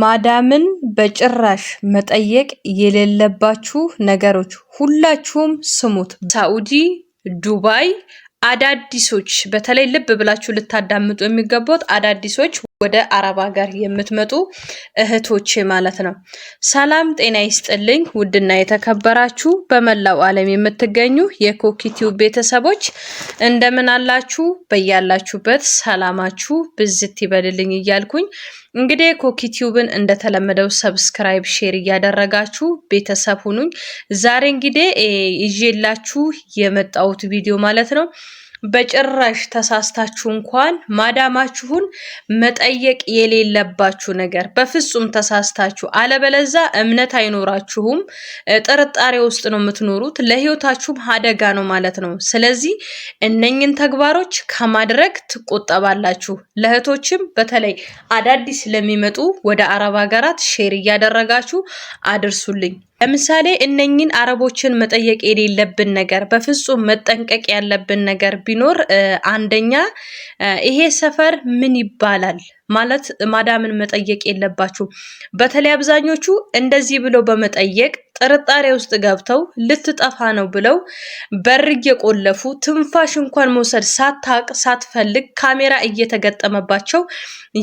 ማዳምን በጭራሽ መጠየቅ የሌለባችሁ ነገሮች ሁላችሁም ስሙት። ሳኡዲ፣ ዱባይ አዳዲሶች በተለይ ልብ ብላችሁ ልታዳምጡ የሚገቡት አዳዲሶች ወደ አረብ ሀገር የምትመጡ እህቶች ማለት ነው። ሰላም ጤና ይስጥልኝ። ውድና የተከበራችሁ በመላው ዓለም የምትገኙ የኮኪቲው ቤተሰቦች እንደምን አላችሁ? በያላችሁበት ሰላማችሁ ብዝት ይበልልኝ እያልኩኝ እንግዲህ ኮኪቲዩብን እንደተለመደው ሰብስክራይብ፣ ሼር እያደረጋችሁ ቤተሰብ ሁኑኝ። ዛሬ እንግዲህ ይዤላችሁ የመጣሁት ቪዲዮ ማለት ነው በጭራሽ ተሳስታችሁ እንኳን ማዳማችሁን መጠየቅ የሌለባችሁ ነገር፣ በፍጹም ተሳስታችሁ። አለበለዛ እምነት አይኖራችሁም፣ ጥርጣሬ ውስጥ ነው የምትኖሩት፣ ለህይወታችሁም አደጋ ነው ማለት ነው። ስለዚህ እነኝን ተግባሮች ከማድረግ ትቆጠባላችሁ። ለእህቶችም በተለይ አዳዲስ ለሚመጡ ወደ አረብ ሀገራት ሼር እያደረጋችሁ አድርሱልኝ። ለምሳሌ እነኝን አረቦችን መጠየቅ የሌለብን ነገር በፍጹም መጠንቀቅ ያለብን ነገር ቢኖር አንደኛ ይሄ ሰፈር ምን ይባላል ማለት ማዳምን መጠየቅ የለባችሁ። በተለይ አብዛኞቹ እንደዚህ ብለው በመጠየቅ ጥርጣሬ ውስጥ ገብተው ልትጠፋ ነው ብለው በር እየቆለፉ ትንፋሽ እንኳን መውሰድ ሳታቅ ሳትፈልግ ካሜራ እየተገጠመባቸው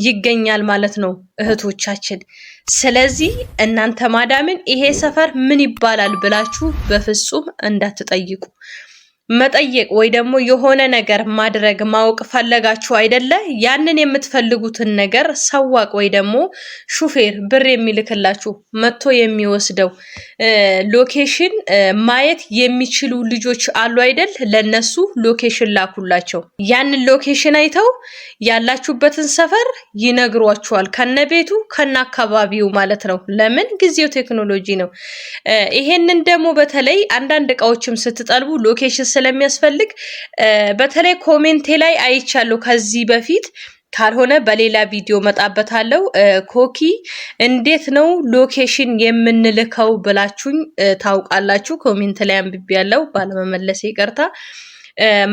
ይገኛል ማለት ነው እህቶቻችን። ስለዚህ እናንተ ማዳምን ይሄ ሰፈር ምን ይባላል ብላችሁ በፍጹም እንዳትጠይቁ። መጠየቅ ወይ ደግሞ የሆነ ነገር ማድረግ ማወቅ ፈለጋችሁ አይደለ? ያንን የምትፈልጉትን ነገር ሰዋቅ ወይ ደግሞ ሹፌር ብር የሚልክላችሁ መጥቶ የሚወስደው ሎኬሽን ማየት የሚችሉ ልጆች አሉ አይደል? ለነሱ ሎኬሽን ላኩላቸው። ያንን ሎኬሽን አይተው ያላችሁበትን ሰፈር ይነግሯችኋል፣ ከነ ቤቱ ከነ አካባቢው ማለት ነው። ለምን ጊዜው ቴክኖሎጂ ነው። ይሄንን ደግሞ በተለይ አንዳንድ እቃዎችም ስትጠልቡ ሎኬሽን ስለሚያስፈልግ በተለይ ኮሜንቴ ላይ አይቻለሁ ከዚህ በፊት ካልሆነ በሌላ ቪዲዮ መጣበታለው። ኮኪ እንዴት ነው ሎኬሽን የምንልከው ብላችሁኝ ታውቃላችሁ። ኮሜንት ላይ አንብቤ ያለው ባለመመለሴ ይቅርታ።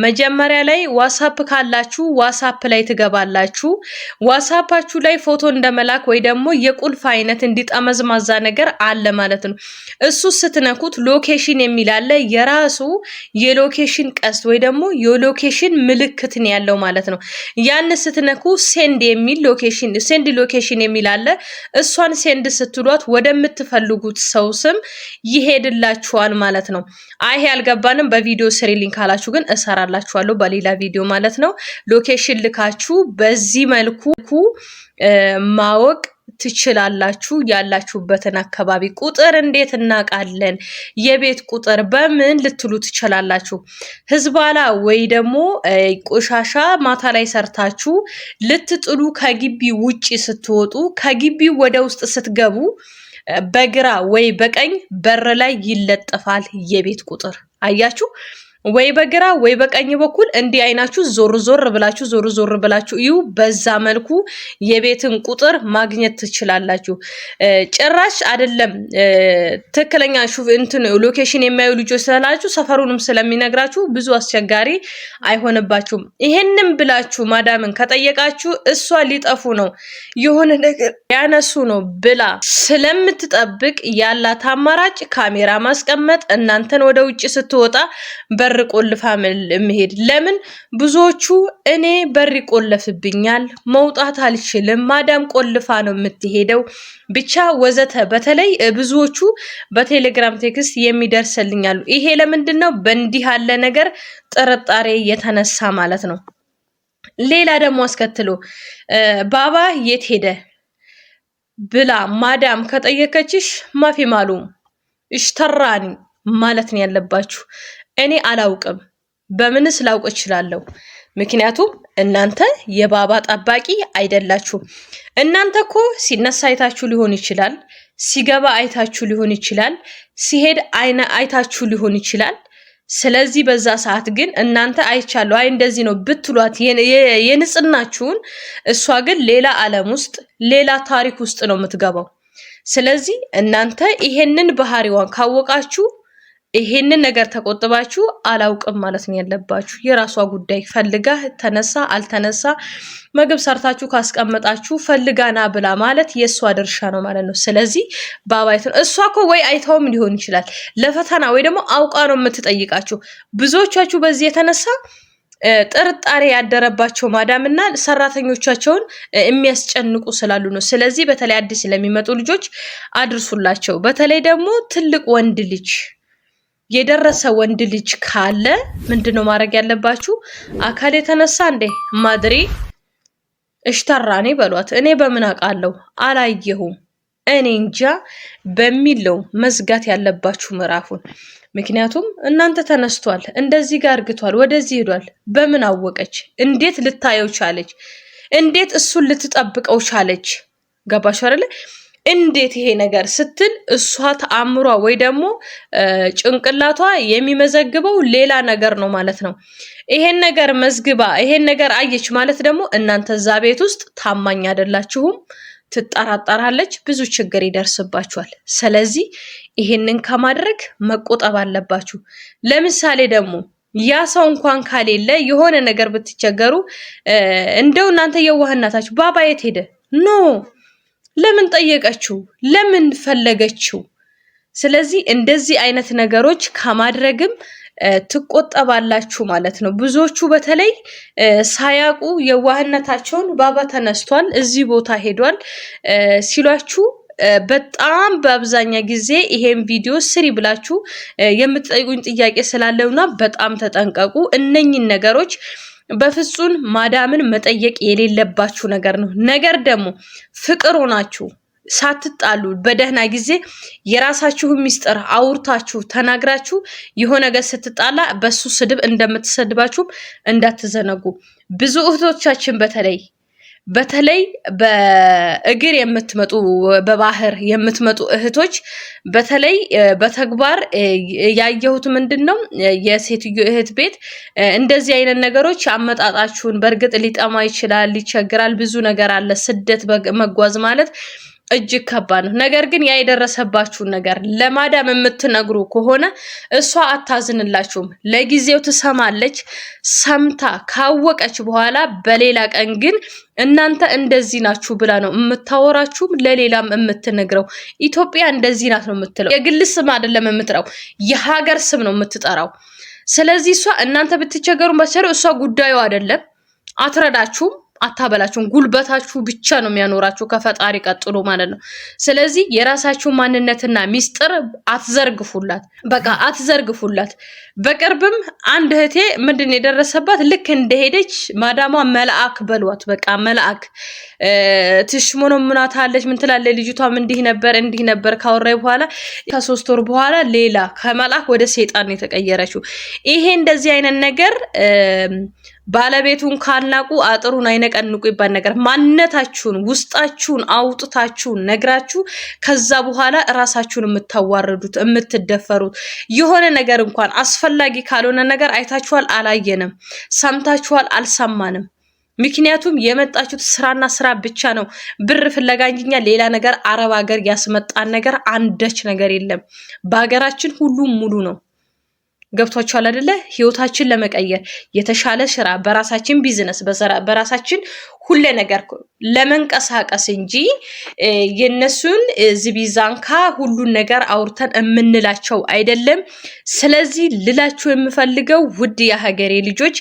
መጀመሪያ ላይ ዋትሳፕ ካላችሁ ዋትሳፕ ላይ ትገባላችሁ። ዋትሳፓችሁ ላይ ፎቶ እንደመላክ ወይ ደግሞ የቁልፍ አይነት እንዲጠመዝማዛ ነገር አለ ማለት ነው። እሱ ስትነኩት ሎኬሽን የሚላለ የራሱ የሎኬሽን ቀስት ወይ ደግሞ የሎኬሽን ምልክትን ያለው ማለት ነው። ያን ስትነኩ ሴንድ የሚል ሎኬሽን ሴንድ ሎኬሽን የሚላለ እሷን ሴንድ ስትሏት ወደምትፈልጉት ሰው ስም ይሄድላችኋል ማለት ነው። አይሄ አልገባንም በቪዲዮ ሊንክ አላችሁ ግን እሰራላችኋለሁ በሌላ ቪዲዮ ማለት ነው። ሎኬሽን ልካችሁ በዚህ መልኩ ማወቅ ትችላላችሁ። ያላችሁበትን አካባቢ ቁጥር እንዴት እናውቃለን? የቤት ቁጥር በምን ልትሉ ትችላላችሁ። ህዝባላ ወይ ደግሞ ቆሻሻ ማታ ላይ ሰርታችሁ ልትጥሉ ከግቢ ውጪ ስትወጡ፣ ከግቢ ወደ ውስጥ ስትገቡ በግራ ወይ በቀኝ በር ላይ ይለጠፋል የቤት ቁጥር አያችሁ። ወይ በግራ ወይ በቀኝ በኩል እንዲህ አይናችሁ ዞር ዞር ብላችሁ ዞር ዞር ብላችሁ እዩ። በዛ መልኩ የቤትን ቁጥር ማግኘት ትችላላችሁ። ጭራሽ አይደለም ትክክለኛ እንትን ሎኬሽን የሚያዩ ልጆች ስላላችሁ ሰፈሩንም ስለሚነግራችሁ ብዙ አስቸጋሪ አይሆንባችሁም። ይሄንም ብላችሁ ማዳምን ከጠየቃችሁ እሷ ሊጠፉ ነው የሆነ ነገር ያነሱ ነው ብላ ስለምትጠብቅ ያላት አማራጭ ካሜራ ማስቀመጥ እናንተን ወደ ውጭ ስትወጣ በር ቆልፋ መሄድ። ለምን ብዙዎቹ እኔ በር ይቆለፍብኛል፣ መውጣት አልችልም፣ ማዳም ቆልፋ ነው የምትሄደው ብቻ ወዘተ። በተለይ ብዙዎቹ በቴሌግራም ቴክስት የሚደርስልኛሉ። ይሄ ለምንድን ነው? በእንዲህ ያለ ነገር ጥርጣሬ የተነሳ ማለት ነው። ሌላ ደግሞ አስከትሎ ባባ የት ሄደ ብላ ማዳም ከጠየቀችሽ ማፊ ማሉ እሽተራኒ ማለት ነው ያለባችሁ። እኔ አላውቅም። በምንስ ላውቅ እችላለሁ? ምክንያቱም እናንተ የባባ ጠባቂ አይደላችሁም። እናንተ እኮ ሲነሳ አይታችሁ ሊሆን ይችላል፣ ሲገባ አይታችሁ ሊሆን ይችላል፣ ሲሄድ አይነ አይታችሁ ሊሆን ይችላል። ስለዚህ በዛ ሰዓት ግን እናንተ አይቻለሁ፣ አይ እንደዚህ ነው ብትሏት የንጽናችሁን፣ እሷ ግን ሌላ ዓለም ውስጥ ሌላ ታሪክ ውስጥ ነው የምትገባው። ስለዚህ እናንተ ይሄንን ባህሪዋን ካወቃችሁ ይሄንን ነገር ተቆጥባችሁ አላውቅም ማለት ነው ያለባችሁ። የራሷ ጉዳይ ፈልጋ ተነሳ አልተነሳ ምግብ ሰርታችሁ ካስቀመጣችሁ ፈልጋና ብላ ማለት የእሷ ድርሻ ነው ማለት ነው። ስለዚህ ባባይት ነው እሷ እኮ ወይ አይታውም ሊሆን ይችላል ለፈተና ወይ ደግሞ አውቃ ነው የምትጠይቃችሁ። ብዙዎቻችሁ በዚህ የተነሳ ጥርጣሬ ያደረባቸው ማዳም ሰራተኞቻቸውን የሚያስጨንቁ ስላሉ ነው። ስለዚህ በተለይ አዲስ ለሚመጡ ልጆች አድርሱላቸው። በተለይ ደግሞ ትልቅ ወንድ ልጅ የደረሰ ወንድ ልጅ ካለ ምንድነው ማድረግ ያለባችሁ? አካል የተነሳ እንዴ ማድሬ እሽተራኔ በሏት። እኔ በምን አውቃለሁ አላየሁም፣ እኔ እንጃ በሚለው መዝጋት ያለባችሁ ምዕራፉን። ምክንያቱም እናንተ ተነስቷል፣ እንደዚህ ጋር እርግቷል፣ ወደዚህ ሄዷል። በምን አወቀች? እንዴት ልታየው ቻለች? እንዴት እሱን ልትጠብቀው ቻለች? ገባሽ አይደለ? እንዴት ይሄ ነገር ስትል እሷ ተአምሯ ወይ ደግሞ ጭንቅላቷ የሚመዘግበው ሌላ ነገር ነው ማለት ነው። ይሄን ነገር መዝግባ ይሄን ነገር አየች ማለት ደግሞ እናንተ እዛ ቤት ውስጥ ታማኝ አይደላችሁም፣ ትጠራጠራለች፣ ብዙ ችግር ይደርስባችኋል። ስለዚህ ይሄንን ከማድረግ መቆጠብ አለባችሁ። ለምሳሌ ደግሞ ያ ሰው እንኳን ካሌለ የሆነ ነገር ብትቸገሩ እንደው እናንተ የዋህናታችሁ ባባ የት ሄደ ኖ ለምን ጠየቀችው? ለምን ፈለገችው? ስለዚህ እንደዚህ አይነት ነገሮች ከማድረግም ትቆጠባላችሁ ማለት ነው። ብዙዎቹ በተለይ ሳያውቁ የዋህነታቸውን ባባ ተነስቷል፣ እዚህ ቦታ ሄዷል ሲሏችሁ በጣም በአብዛኛ ጊዜ ይሄን ቪዲዮ ስሪ ብላችሁ የምትጠይቁኝ ጥያቄ ስላለውና በጣም ተጠንቀቁ እነኝን ነገሮች በፍጹም ማዳምን መጠየቅ የሌለባችሁ ነገር ነው። ነገር ደግሞ ፍቅር ሆናችሁ ሳትጣሉ በደህና ጊዜ የራሳችሁ ሚስጥር አውርታችሁ ተናግራችሁ የሆነ ነገር ስትጣላ በሱ ስድብ እንደምትሰድባችሁ እንዳትዘነጉ። ብዙ እህቶቻችን በተለይ በተለይ በእግር የምትመጡ በባህር የምትመጡ እህቶች በተለይ በተግባር ያየሁት ምንድን ነው የሴትዮ እህት ቤት እንደዚህ አይነት ነገሮች አመጣጣችሁን በእርግጥ ሊጠማ ይችላል፣ ይቸግራል፣ ብዙ ነገር አለ። ስደት መጓዝ ማለት እጅግ ከባድ ነው። ነገር ግን ያ የደረሰባችሁን ነገር ለማዳም የምትነግሩ ከሆነ እሷ አታዝንላችሁም። ለጊዜው ትሰማለች። ሰምታ ካወቀች በኋላ በሌላ ቀን ግን እናንተ እንደዚህ ናችሁ ብላ ነው የምታወራችሁም ለሌላም የምትነግረው። ኢትዮጵያ እንደዚህ ናት ነው የምትለው። የግል ስም አይደለም የምትጠራው፣ የሀገር ስም ነው የምትጠራው። ስለዚህ እሷ እናንተ ብትቸገሩ በቸሩ እሷ ጉዳዩ አይደለም፣ አትረዳችሁም አታበላችሁም። ጉልበታችሁ ብቻ ነው የሚያኖራችሁ ከፈጣሪ ቀጥሎ ማለት ነው። ስለዚህ የራሳችሁ ማንነትና ሚስጥር አትዘርግፉላት፣ በቃ አትዘርግፉላት። በቅርብም አንድ እህቴ ምንድን የደረሰባት ልክ እንደሄደች ማዳሟ መልአክ በሏት፣ በቃ መልአክ ትሽሞኖ ምናታለች ምን ትላለ ልጅቷም እንዲህ ነበር እንዲህ ነበር ካወራይ በኋላ ከሶስት ወር በኋላ ሌላ ከመልአክ ወደ ሴጣን ነው የተቀየረችው። ይሄ እንደዚህ አይነት ነገር ባለቤቱን ካልናቁ አጥሩን አይነቀንቁ ይባል ነገር። ማንነታችሁን ውስጣችሁን አውጥታችሁን ነግራችሁ ከዛ በኋላ እራሳችሁን የምታዋርዱት የምትደፈሩት የሆነ ነገር እንኳን አስፈላጊ ካልሆነ ነገር አይታችኋል፣ አላየንም፣ ሰምታችኋል፣ አልሰማንም። ምክንያቱም የመጣችሁት ስራና ስራ ብቻ ነው፣ ብር ፍለጋ እንጂ እኛ ሌላ ነገር አረብ ሀገር ያስመጣን ነገር አንዳች ነገር የለም። በሀገራችን ሁሉም ሙሉ ነው። ገብቷችኋል አይደለ? ህይወታችን ለመቀየር የተሻለ ስራ በራሳችን ቢዝነስ በራሳችን ሁለ ነገር ለመንቀሳቀስ እንጂ የነሱን ዝቢዛንካ ሁሉን ነገር አውርተን የምንላቸው አይደለም። ስለዚህ ልላችሁ የምፈልገው ውድ የሀገሬ ልጆች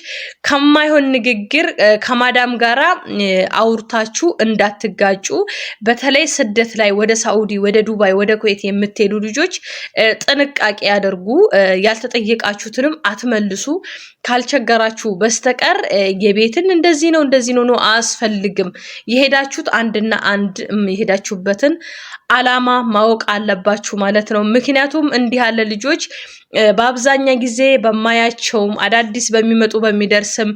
ከማይሆን ንግግር ከማዳም ጋራ አውርታችሁ እንዳትጋጩ። በተለይ ስደት ላይ ወደ ሳኡዲ፣ ወደ ዱባይ፣ ወደ ኩዌት የምትሄዱ ልጆች ጥንቃቄ ያደርጉ። ያልተጠየቃችሁትንም አትመልሱ ካልቸገራችሁ በስተቀር የቤትን እንደዚህ ነው እንደዚህ ነው ነው አያስፈልግም። የሄዳችሁት አንድና አንድ የሄዳችሁበትን አላማ ማወቅ አለባችሁ ማለት ነው። ምክንያቱም እንዲህ ያለ ልጆች በአብዛኛ ጊዜ በማያቸውም አዳዲስ በሚመጡ በሚደርስም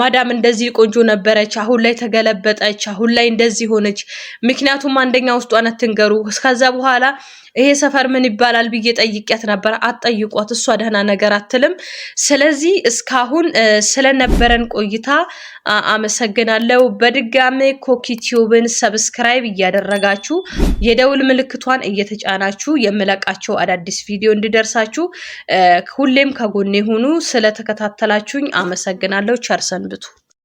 ማዳም እንደዚህ ቆንጆ ነበረች፣ አሁን ላይ ተገለበጠች፣ አሁን ላይ እንደዚህ ሆነች። ምክንያቱም አንደኛ ውስጧን አትንገሩ። ከዛ በኋላ ይሄ ሰፈር ምን ይባላል ብዬ ጠይቄያት ነበር። አትጠይቋት፣ እሷ ደህና ነገር አትልም። ስለዚህ እስካሁን ስለነበረን ቆይታ አመሰግናለሁ። በድጋሜ ኮኪቲዩብን ሰብስክራይብ እያደረጋችሁ የደውል ምልክቷን እየተጫናችሁ የምለቃቸው አዳዲስ ቪዲዮ እንዲደርሳችሁ ሁሌም ከጎኔ ሁኑ። ስለተከታተላችሁኝ አመሰግናለሁ። ቸር ሰንብቱ።